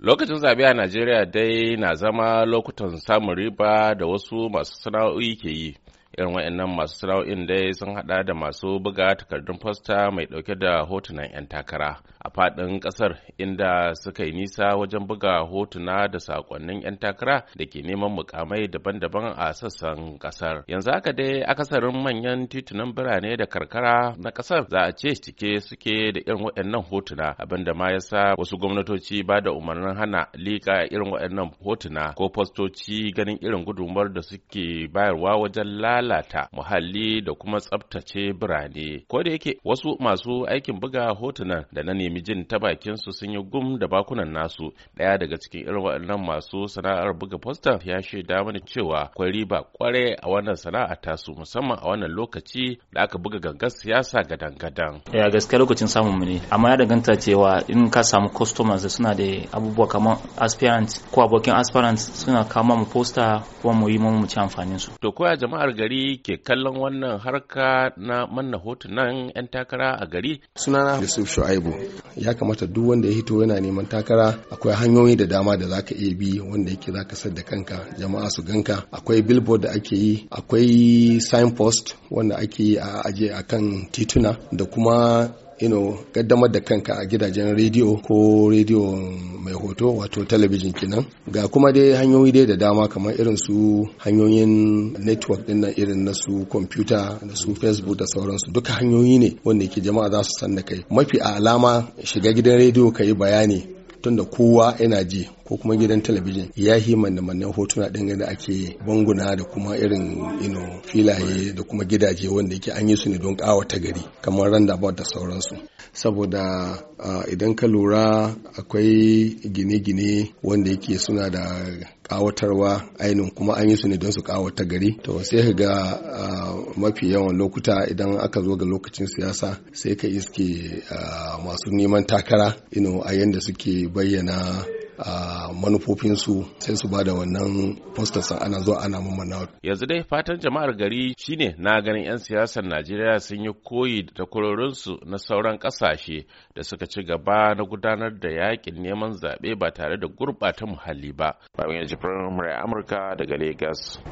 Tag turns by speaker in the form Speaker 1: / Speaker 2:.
Speaker 1: Lokacin zaɓe a Najeriya dai na zama lokutan samun riba da wasu masu sana'o'i ke yi, irin waɗannan masu sarau'in dai sun hada da masu buga takardun fasta mai dauke da hotunan 'yan takara a fadin kasar inda suka yi nisa wajen buga hotuna da sakonnin 'yan takara da ke neman mukamai daban-daban a sassan kasar yanzu haka dai akasarin manyan titunan birane da karkara na kasar za a ce cike suke da irin waɗannan hotuna abin da ma yasa wasu gwamnatoci ba da umarnin hana lika irin waɗannan hotuna ko fastoci ganin irin gudunmuwar da suke bayarwa wajen la lalata muhalli da kuma tsabtace birane ko da yake wasu masu aikin buga hotunan da na nemi jin ta bakin su sun yi gum da bakunan nasu daya daga cikin irin waɗannan masu sana'ar buga fosta ya shaida mana cewa akwai riba kwarai a wannan sana'a ta su musamman a wannan lokaci da aka buga gangar siyasa gadan-gadan ya gaske lokacin samun mu ne amma ya danganta cewa in ka samu customers suna da abubuwa kamar aspirant ko abokin aspirant suna kama mu posta kuma mu yi mu ci amfanin su to koya jama'ar gari gari ke kallon wannan harka na manna hotunan 'yan takara a gari?
Speaker 2: Sunana Yusuf Shu'aibu. Ya kamata duk wanda ya hito yana neman takara akwai hanyoyi da dama da zaka iya bi wanda yake ka sar da kanka jama'a su ganka akwai billboard da ake yi akwai signpost wanda ake yi a aje kan tituna da kuma ino gaddamar da kanka a gidajen rediyo ko rediyo mai hoto wato talabijin kinan ga kuma dai hanyoyi dai da dama kamar irin su hanyoyin network din nan irin na su computer da su facebook da sauransu duka hanyoyi ne wanda ke jama'a za su san da kai mafi a alama shiga gidan rediyo ka yi bayani tunda kowa yana ji ko kuma gidan talabijin ya yi manne-mannen hotuna ɗin da ake banguna da kuma irin ino filaye da kuma gidaje wanda yake an yi su ne don ta gari kamar randa ba da sauransu saboda ah, idan ka lura akwai gine-gine wanda yake suna da kawatarwa ainihin kuma an yi su ne don su kawata gari to sai ka ga ah, mafi yawan lokuta idan aka zo ga lokacin siyasa sai ka iske ah, masu neman takara ino a yanda suke bayyana a manufofinsu sai su ba da wannan posters ana zuwa ana mana
Speaker 1: Yanzu dai fatan jama'ar gari shine na ganin 'yan siyasar Najeriya sun yi koyi da takwarorinsu na sauran ƙasashe da suka ci gaba na gudanar da yakin neman zaɓe ba tare da gurɓata muhalli ba. Babin Yajifirin Amurka daga Legas.